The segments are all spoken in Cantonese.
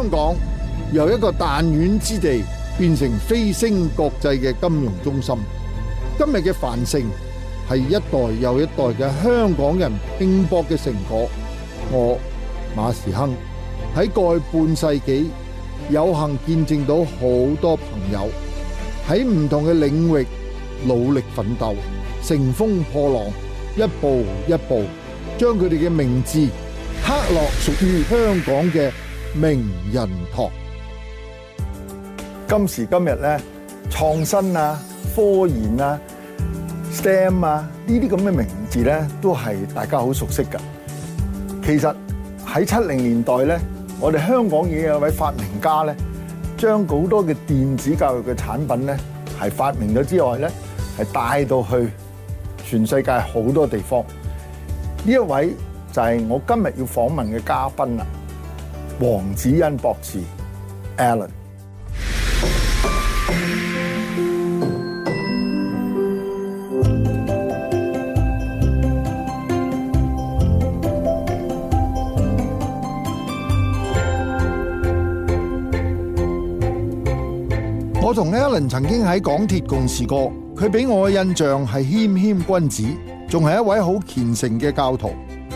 香港由一個彈丸之地變成飛昇國際嘅金融中心，今日嘅繁盛係一代又一代嘅香港人拼搏嘅成果。我馬時亨喺過去半世紀，有幸見證到好多朋友喺唔同嘅領域努力奮鬥，乘風破浪，一步一步將佢哋嘅名字刻落屬於香港嘅。名人堂，今時今日咧，創新啊、科研啊、STEM 啊呢啲咁嘅名字咧，都係大家好熟悉噶。其實喺七零年代咧，我哋香港已經有一位發明家咧，將好多嘅電子教育嘅產品咧係發明咗之外咧，係帶到去全世界好多地方。呢一位就係我今日要訪問嘅嘉賓啦。黃子欣博士 Alan 我同 Alan 曾經喺港鐵共事過，佢俾我嘅印象係謙謙君子，仲係一位好虔誠嘅教徒。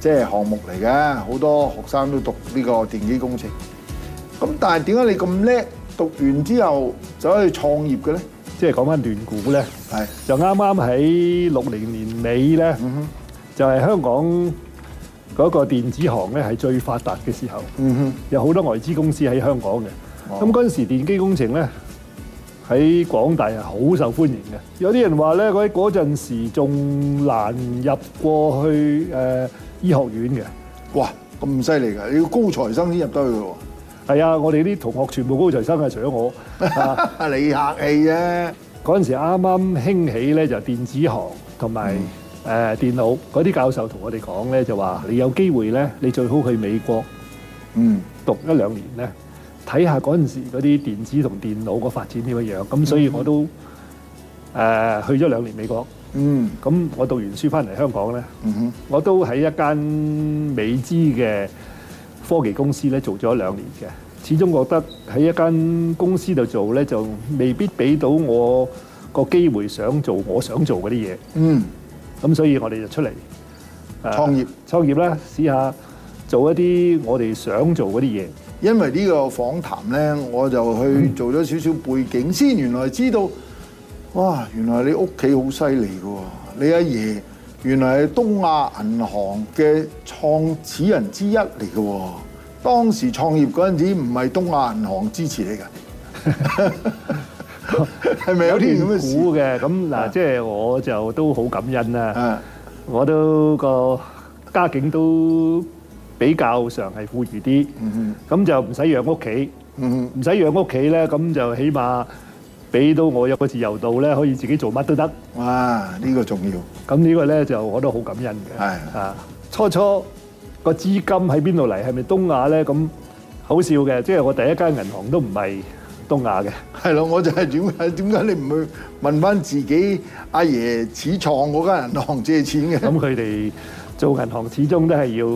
即係項目嚟嘅，好多學生都讀呢個電機工程。咁但係點解你咁叻？讀完之後就可以創業嘅咧？即係講返段古咧，係就啱啱喺六零年尾咧，就係香港嗰個電子行咧係最發達嘅時候。有好多外資公司喺香港嘅。咁嗰陣時電機工程咧喺廣大係好受歡迎嘅。有啲人話咧，嗰嗰陣時仲難入過去誒。醫學院嘅，哇咁犀利噶！你要高材生先入得去喎。係啊，我哋啲同學全部高材生，除咗我。你客氣啊！嗰陣時啱啱興起咧，就電子行同埋誒電腦嗰啲教授同我哋講咧，就話你有機會咧，你最好去美國，嗯，讀一兩年咧，睇下嗰陣時嗰啲電子同電腦個發展點樣樣。咁所以我都誒去咗兩年美國。嗯，咁我讀完書翻嚟香港咧，嗯，我都喺一間美資嘅科技公司咧做咗兩年嘅。始終覺得喺一間公司度做咧，就未必俾到我個機會，想做我想做嗰啲嘢。嗯，咁所以我哋就出嚟創業、啊、創業啦，試下做一啲我哋想做嗰啲嘢。因為呢個訪談咧，我就去做咗少少背景先，嗯、原來知道。哇！原來你屋企好犀利嘅喎，你阿爺，爺原來係東亞銀行嘅創始人之一嚟嘅喎，當時創業嗰陣時唔係東亞銀行支持你㗎，係 咪有啲咁嘅股嘅？咁嗱，即係、就是、我就都好感恩啦。我都個家境都比較上係富裕啲，咁就唔使養屋企，唔使養屋企咧，咁就起碼。俾到我有個自由度咧，可以自己做乜都得。哇！呢個重要。咁呢個咧就我都好感恩嘅。係啊，初初個資金喺邊度嚟？係咪東亞咧？咁好笑嘅，即係我第一間銀行都唔係東亞嘅。係咯，我就係點解？點解你唔去問翻自己阿爺始創嗰間銀行借錢嘅？咁佢哋做銀行始終都係要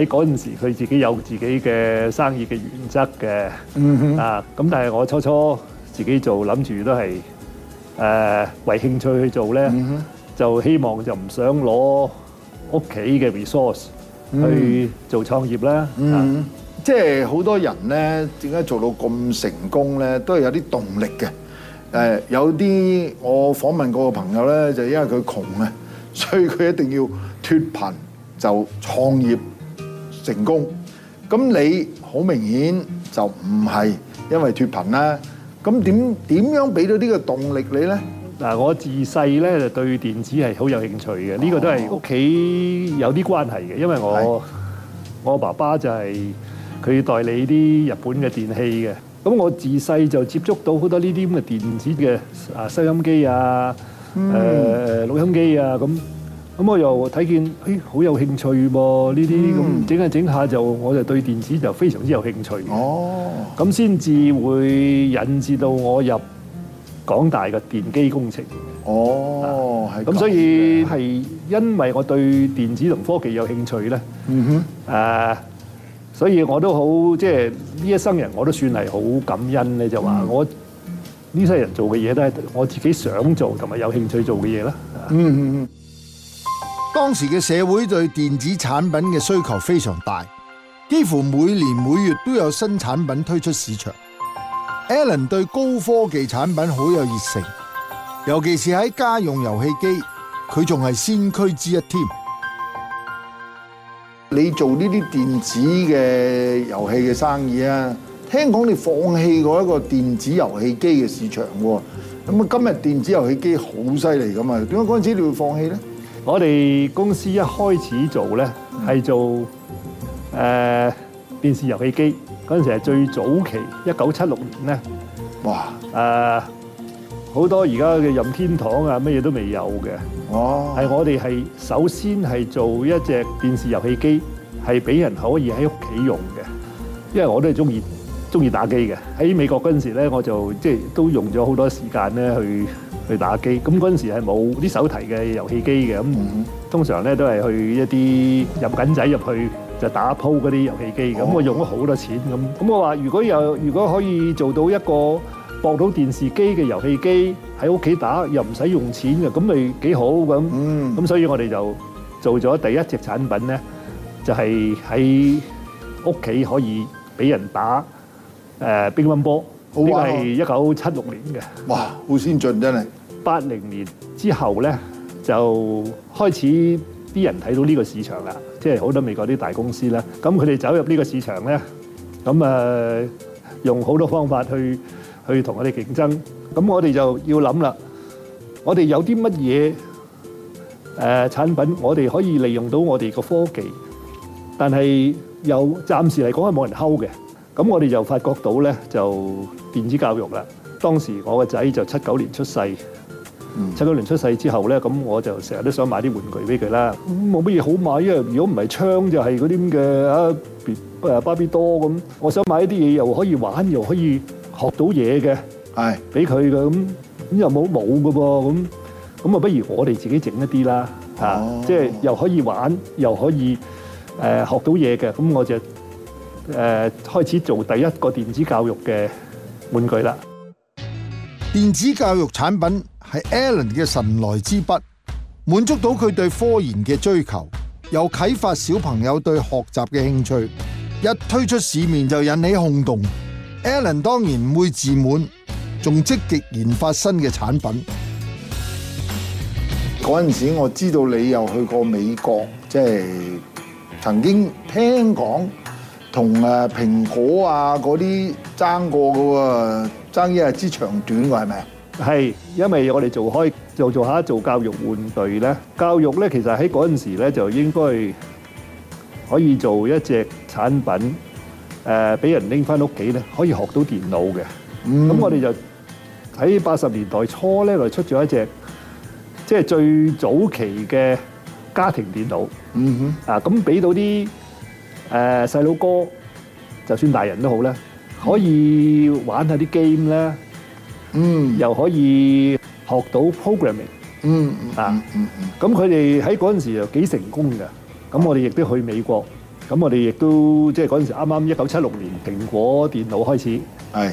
喺嗰陣時，佢自己有自己嘅生意嘅原則嘅。嗯哼。啊，咁但係我初初。自己做諗住都係誒為興趣去做咧，就希望就唔想攞屋企嘅 resource 去做創業啦。嗯，即係好多人咧，點解做到咁成功咧？都係有啲動力嘅。誒有啲我訪問過個朋友咧，就因為佢窮啊，所以佢一定要脱貧就創業成功。咁你好明顯就唔係因為脱貧啦。咁點點樣俾到呢個動力你咧？嗱，我自細咧就對電子係好有興趣嘅，呢個都係屋企有啲關係嘅，因為我我爸爸就係佢代理啲日本嘅電器嘅，咁我自細就接觸到好多呢啲咁嘅電子嘅啊，收音機啊，誒錄音機啊,咁。咁我又睇見，誒，好有興趣噃呢啲，咁整下整下就，我就對電子就非常之有興趣。哦，咁先至會引致到我入港大嘅電機工程。哦，係。咁所以係因為我對電子同科技有興趣咧。嗯哼。誒，所以我都好，即係呢一生人我都算係好感恩咧，就話我呢世人做嘅嘢都係我自己想做同埋有興趣做嘅嘢啦。嗯嗯嗯。當時嘅社會對電子產品嘅需求非常大，幾乎每年每月都有新產品推出市場。Alan 對高科技產品好有熱誠，尤其是喺家用遊戲機，佢仲係先驅之一添。你做呢啲電子嘅遊戲嘅生意啊，聽講你放棄過一個電子遊戲機嘅市場喎，咁啊今日電子遊戲機好犀利噶嘛？點解嗰陣時你會放棄咧？我哋公司一開始做咧，係做誒電視遊戲機，嗰陣時係最早期，一九七六年咧，哇誒好多而家嘅任天堂啊，乜嘢都未有嘅，係我哋係首先係做一隻電視遊戲機，係俾、呃、人可以喺屋企用嘅。因為我都係中意中意打機嘅，喺美國嗰陣時咧，我就即係都用咗好多時間咧去。去打機咁，嗰陣時係冇啲手提嘅遊戲機嘅，咁，通常咧都係去一啲入緊仔入去就打鋪嗰啲遊戲機咁，我用咗好多錢咁。咁我話如果又如果可以做到一個駁到電視機嘅遊戲機喺屋企打又唔使用，用錢嘅咁咪幾好咁。咁所以我哋就做咗第一隻產品咧，就係喺屋企可以俾人打誒乒乓波，呢、這個係一九七六年嘅。哇，好先進真係！八零年之後呢，就開始啲人睇到呢個市場啦，即係好多美國啲大公司啦。咁佢哋走入呢個市場呢，咁啊、呃，用好多方法去去同我哋競爭。咁我哋就要諗啦，我哋有啲乜嘢誒產品，我哋可以利用到我哋個科技，但係又暫時嚟講係冇人睺嘅。咁我哋就發覺到呢，就電子教育啦。當時我個仔就七九年出世。嗯、七九年出世之後咧，咁我就成日都想買啲玩具俾佢啦。冇乜嘢好買，因為如果唔係槍就係嗰啲咁嘅啊 b a r b i 多咁。我想買啲嘢又可以玩，又可以學到嘢嘅，係俾佢嘅。咁咁又冇冇嘅噃，咁咁啊，不如我哋自己整一啲啦嚇，啊哦、即係又可以玩，又可以誒、呃、學到嘢嘅。咁我就誒、呃、開始做第一個電子教育嘅玩具啦。電子教育產品。係 Alan 嘅神來之筆，滿足到佢對科研嘅追求，又啟發小朋友對學習嘅興趣。一推出市面就引起轟動。Alan 當然唔會自滿，仲積極研發新嘅產品。嗰陣時我知道你又去過美國，即係曾經聽講同誒蘋果啊嗰啲爭過嘅喎，爭一日之長短嘅係咪？是係，因為我哋做開做做一下做教育玩具咧，教育咧其實喺嗰陣時咧就應該可以做一隻產品，誒、呃、俾人拎翻屋企咧可以學到電腦嘅。咁、嗯、我哋就喺八十年代初咧就出咗一隻，即係最早期嘅家庭電腦。嗯哼，啊咁俾到啲誒細佬哥，就算大人都好咧，可以玩下啲 game 咧。嗯，又可以學到 programming，嗯，啊、嗯，咁佢哋喺嗰陣時又幾成功嘅，咁我哋亦都去美國，咁我哋亦都即係嗰陣時啱啱一九七六年蘋果電腦開始，係，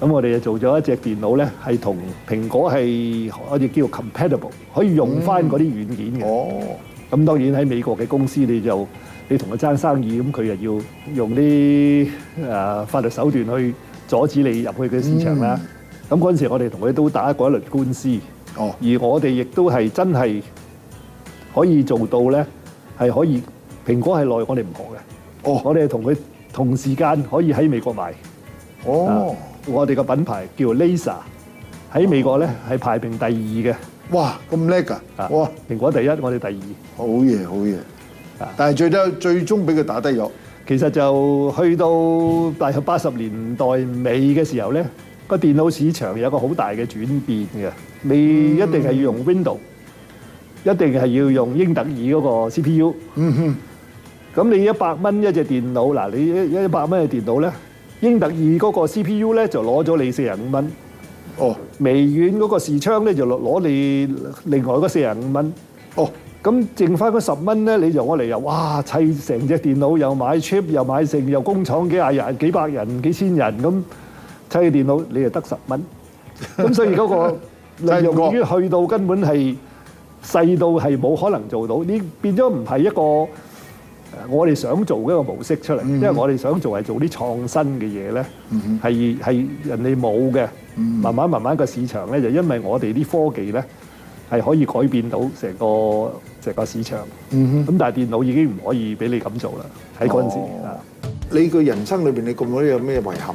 咁我哋就做咗一隻電腦咧，係同蘋果係我哋叫 compatible，可以用翻嗰啲軟件嘅，哦，咁當然喺美國嘅公司你就你同佢爭生意，咁佢又要用啲誒法律手段去阻止你入去嘅市場啦、嗯。嗯。咁嗰陣時，我哋同佢都打過一輪官司。哦，而我哋亦都係真係可以做到咧，係可以蘋果係內，我哋唔好嘅。哦，我哋同佢同時間可以喺美國賣。哦、啊，我哋個品牌叫 Laser，喺美國咧係、哦、排名第二嘅。哇，咁叻㗎！哇，蘋果第一，我哋第二。好嘢，好嘢。啊，但係最終最終俾佢打低咗。其實就去到大概八十年代尾嘅時候咧。個電腦市場有個好大嘅轉變嘅，你一定係要用 Window，一定係要用英特爾嗰、嗯、個 CPU。咁你一百蚊一隻電腦，嗱你一一百蚊嘅電腦咧，英特爾嗰個 CPU 咧就攞咗你四廿五蚊。哦，微軟嗰個視窗咧就攞攞你另外嗰四廿五蚊。哦，咁剩翻嗰十蚊咧，你就我嚟又哇砌成隻電腦，又買 chip，又買成，又工廠幾廿人、幾百人、幾千人咁。砌電腦你就得十蚊，咁所以嗰個利用已經去到根本係細到係冇可能做到，你變咗唔係一個我哋想做嘅一個模式出嚟，因為我哋想做係做啲創新嘅嘢咧，係係人哋冇嘅。慢慢慢慢個市場咧就因為我哋啲科技咧係可以改變到成個成個市場。咁但係電腦已經唔可以俾你咁做啦。睇嗰陣時啊，你個人生裏邊你咁多有咩遺憾？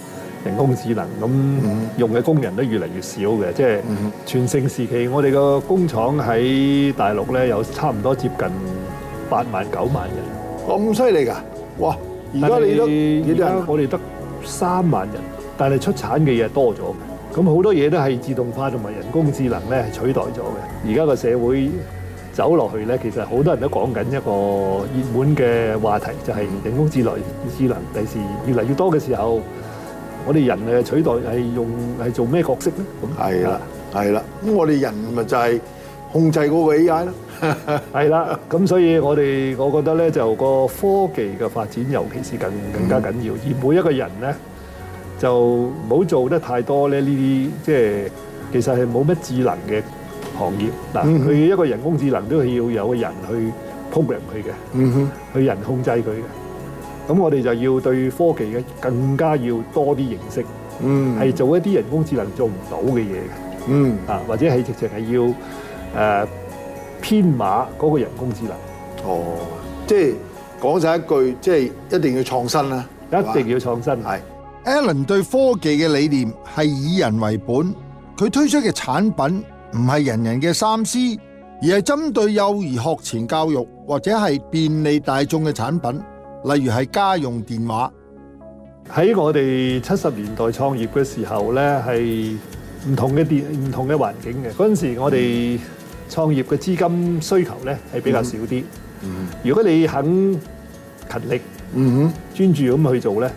人工智能咁用嘅工人都越嚟越少嘅，即係全盛時期，我哋個工廠喺大陸咧有差唔多接近八萬九萬人。咁犀利噶，哇！而家你都我哋得三萬人，但係出產嘅嘢多咗，咁好多嘢都係自動化同埋人工智能咧取代咗嘅。而家個社會走落去咧，其實好多人都講緊一個熱門嘅話題，就係人工智能，智能第時越嚟越多嘅時候。我哋人誒取代係用係做咩角色咧？咁係啦，係啦。咁我哋人咪就係控制嗰個 AI 咯，係啦。咁所以我哋我覺得咧，就個科技嘅發展，尤其是更更加緊要。而每一個人咧，就唔好做得太多咧呢啲，即係其實係冇乜智能嘅行業嗱。佢一個人工智能都要有個人去 program 佢嘅，嗯哼，去人控制佢嘅。咁我哋就要對科技嘅更加要多啲認識，係、嗯、做一啲人工智能做唔到嘅嘢嘅，啊、嗯、或者係直情係要誒、呃、編碼嗰個人工智能。哦，即係講就一句，即係一定要創新啦，一定要創新。係。Alan 對科技嘅理念係以人為本，佢推出嘅產品唔係人人嘅三 C，而係針對幼兒學前教育或者係便利大眾嘅產品。例如係家用電話，喺我哋七十年代創業嘅時候咧，係唔同嘅電唔同嘅環境嘅。嗰陣時我哋創業嘅資金需求咧係比較少啲。嗯，如果你肯勤力，嗯哼，專注咁去做咧，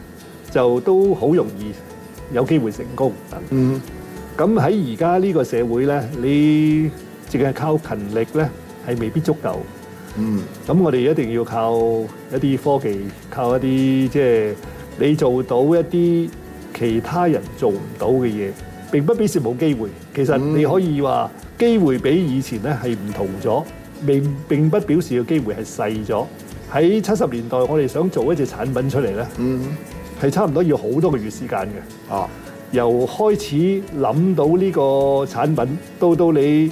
就都好容易有機會成功。嗯，咁喺而家呢個社會咧，你淨係靠勤力咧係未必足夠。嗯，咁我哋一定要靠一啲科技，靠一啲即係你做到一啲其他人做唔到嘅嘢，並不表示冇機會。其實你可以話機會比以前咧係唔同咗，並並不表示個機會係細咗。喺七十年代，我哋想做一隻產品出嚟咧，係、嗯、差唔多要好多個月時間嘅。啊，由開始諗到呢個產品到到你，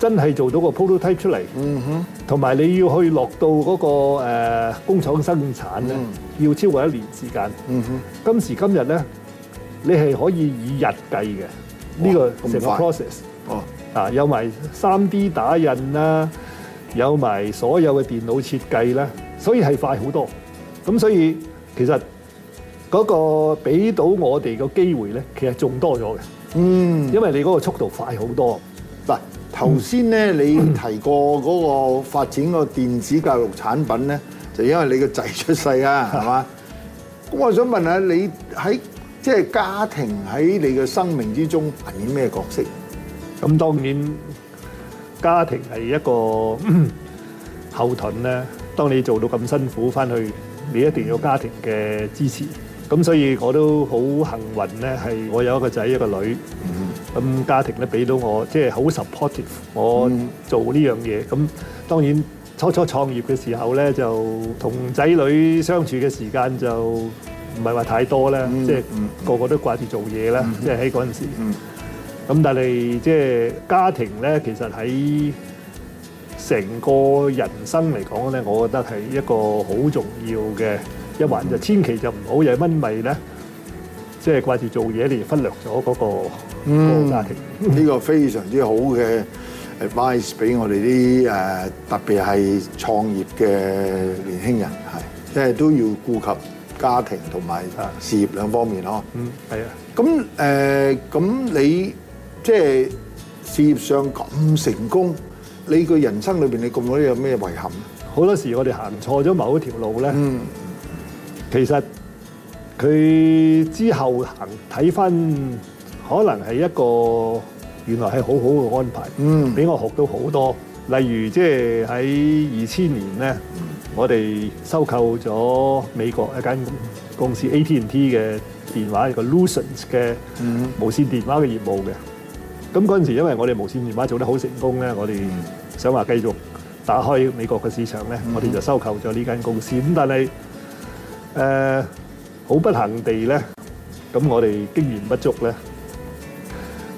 真係做到個 prototype 出嚟，嗯哼，同埋你要去落到嗰個誒工廠生產咧、嗯，要超過一年時間，嗯哼。今時今日咧，你係可以以日計嘅呢個成個 process，哦，啊，有埋三 D 打印啦，有埋所有嘅電腦設計啦，所以係快好多。咁所以其實嗰個俾到我哋嘅機會咧，其實仲多咗嘅，嗯，因為你嗰個速度快好多，嗱。頭先咧，你提過嗰個發展個電子教育產品咧，就因為你個仔出世啊，係嘛？咁我想問下你喺即係家庭喺你嘅生命之中扮演咩角色？咁當然家庭係一個後盾咧。當你做到咁辛苦翻去，你一定要有家庭嘅支持。咁所以我都好幸運咧，係我有一個仔一個女。咁家庭咧，俾到我，即係好 supportive。我做呢樣嘢，咁當然初初創業嘅時候咧，就同仔女相處嘅時間就唔係話太多啦，即係個個都掛住做嘢啦，即係喺嗰陣時。咁但係即係家庭咧，其實喺成個人生嚟講咧，我覺得係一個好重要嘅一環就不要，有就千祈就唔好又分離咧。即係掛住做嘢，你忽略咗嗰個家庭、嗯。呢個非常之好嘅 advice 俾我哋啲誒，特別係創業嘅年輕人係，即係都要顧及家庭同埋事業兩方面咯。嗯，係啊。咁誒，咁你即係事業上咁成功，你個人生裏邊你咁耐有咩遺憾？好多時我哋行錯咗某一條路咧，嗯、其實。佢之後行睇翻，可能係一個原來係好好嘅安排，俾、嗯、我學到好多。例如，即係喺二千年咧，我哋收購咗美國一間公司 AT&T 嘅電話、嗯、一個 Lucent 嘅無線電話嘅業務嘅。咁嗰陣時，因為我哋無線電話做得好成功咧，我哋想話繼續打開美國嘅市場咧，我哋就收購咗呢間公司。咁但係誒。呃好不幸地咧，咁我哋經驗不足咧，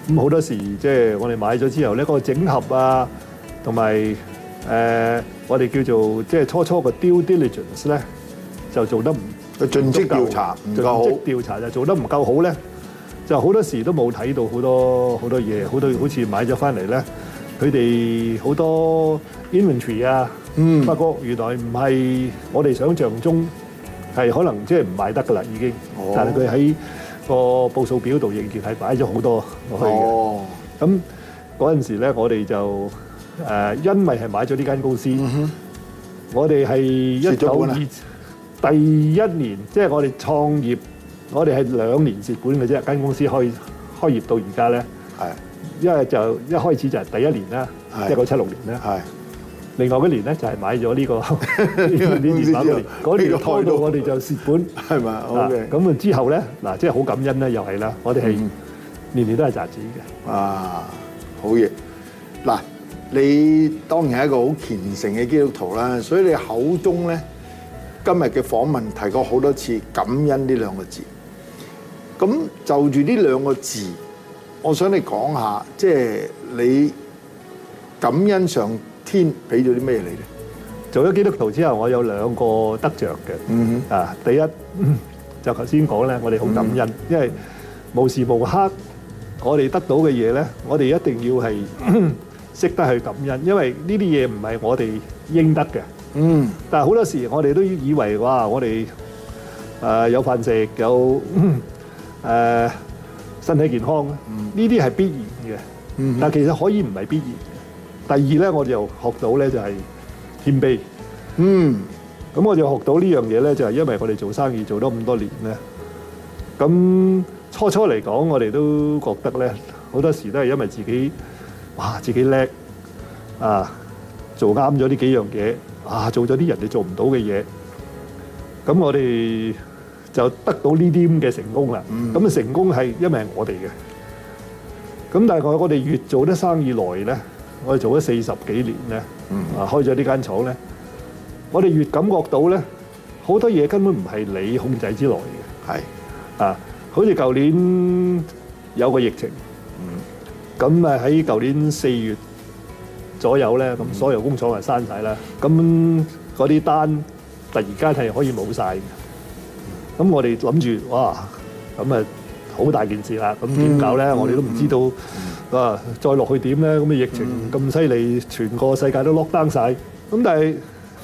咁好多時即係我哋買咗之後咧，個整合啊，同埋誒我哋叫做即係初初個 due diligence 咧，就做得唔，個盡職調查唔夠好，調查就做得唔夠好咧，就好多時都冇睇到好多好多嘢，好多好似買咗返嚟咧，佢哋好多 inventory 啊，嗯，不過原來唔係我哋想像中。係可能即係唔買得㗎啦，已經。但係佢喺個報數表度仍然係擺咗好多落去嘅。哦，咁嗰陣時咧，我哋就誒，因為係買咗呢間公司我哋係，我哋係一九二第一年，即係我哋創業，我哋係兩年蝕本嘅啫。間公司開開業到而家咧，係因為就一開始就係第一年啦，一九七六年咧，係。另外嗰年咧就係買咗呢個呢年嗰年嗰年開到我哋就蝕本，係嘛？好嘅。咁啊之後咧嗱，即係好感恩咧，又係啦。我哋係年年都係賺錢嘅。啊，好嘢！嗱，你當然係一個好虔誠嘅基督徒啦，所以你口中咧今日嘅訪問提過好多次感恩呢兩個字。咁就住呢兩個字，我想你講下，即係你感恩上天俾咗啲咩嚟咧？做咗基督徒之後，我有兩個得著嘅。嗯哼，啊，第一就頭先講咧，我哋好感恩，因為無時無刻我哋得到嘅嘢咧，我哋一定要係識得去感恩，因為呢啲嘢唔係我哋應得嘅。嗯，但係好多時我哋都以為哇，我哋誒有飯食，有誒身體健康，呢啲係必然嘅。嗯，但係其實可以唔係必然。第二咧，我就學到咧就係謙卑，嗯，咁我就學到呢樣嘢咧，就係因為我哋做生意做咗咁多年咧。咁初初嚟講，我哋都覺得咧，好多時都係因為自己哇，自己叻啊，做啱咗呢幾樣嘢啊，做咗啲人哋做唔到嘅嘢。咁我哋就得到呢啲咁嘅成功啦。咁成功係因為我哋嘅。咁大概我哋越做得生意耐咧。我哋做咗四十幾年咧，啊開咗呢間廠咧，我哋越感覺到咧，好多嘢根本唔係你控制之內嘅，係啊，好似舊年有個疫情，咁啊喺舊年四月左右咧，咁所有工廠就閂晒啦，咁嗰啲單突然間係可以冇晒嘅，咁我哋諗住哇，咁啊好大件事啦，咁點搞咧？我哋都唔知道。啊！再落去點咧？咁嘅疫情咁犀利，全個世界都 lock down 曬。咁但係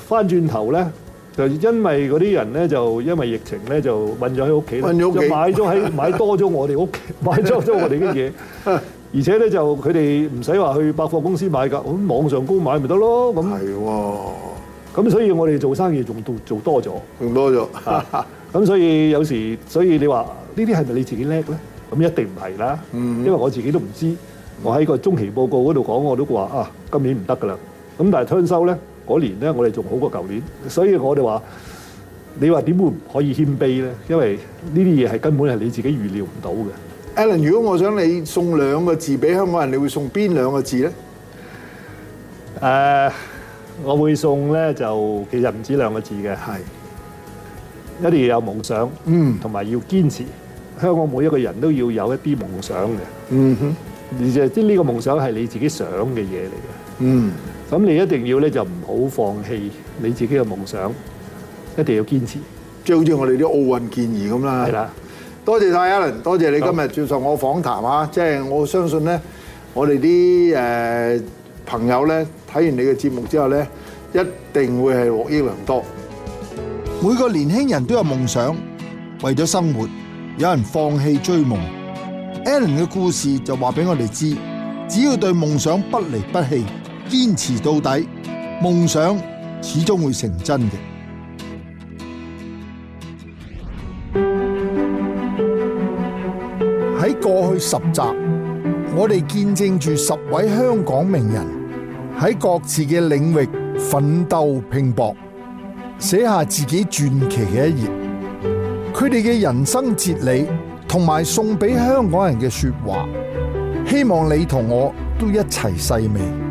翻轉頭咧，就因為嗰啲人咧，就因為疫情咧，就困咗喺屋企，就買咗喺買多咗我哋屋企買咗咗我哋嘅嘢。而且咧就佢哋唔使話去百貨公司買㗎，咁網上高買咪得咯。咁係喎。咁所以我哋做生意仲做做多咗，仲多咗。咁所以有時，所以你話呢啲係咪你自己叻咧？咁一定唔係啦。因為我自己都唔知。我喺個中期報告嗰度講，我都話啊，今年唔得噶啦。咁但係 turn 收咧嗰年咧，我哋仲好過舊年，所以我哋話，你話點會唔可以謙卑咧？因為呢啲嘢係根本係你自己預料唔到嘅。Alan，如果我想你送兩個字俾香港人，你會送邊兩個字咧？誒，我會送咧就其實唔止兩個字嘅，係一定要有夢想，嗯，同埋要堅持。香港每一個人都要有一啲夢想嘅，嗯哼。而且即係呢個夢想係你自己想嘅嘢嚟嘅，嗯，咁你一定要咧就唔好放棄你自己嘅夢想，一定要堅持，即係好似我哋啲奧運健兒咁啦。係啦，多謝曬 Alan，多謝你今日接受我訪談吓，即係我相信咧，我哋啲誒朋友咧睇完你嘅節目之後咧，一定會係獲益良多。每個年輕人都有夢想，為咗生活，有人放棄追夢。Alan 嘅故事就話俾我哋知，只要對夢想不離不棄，堅持到底，夢想始終會成真嘅。喺過去十集，我哋見證住十位香港名人喺各自嘅領域奮鬥拼搏，寫下自己傳奇嘅一頁。佢哋嘅人生哲理。同埋送畀香港人嘅說話，希望你同我都一齊細味。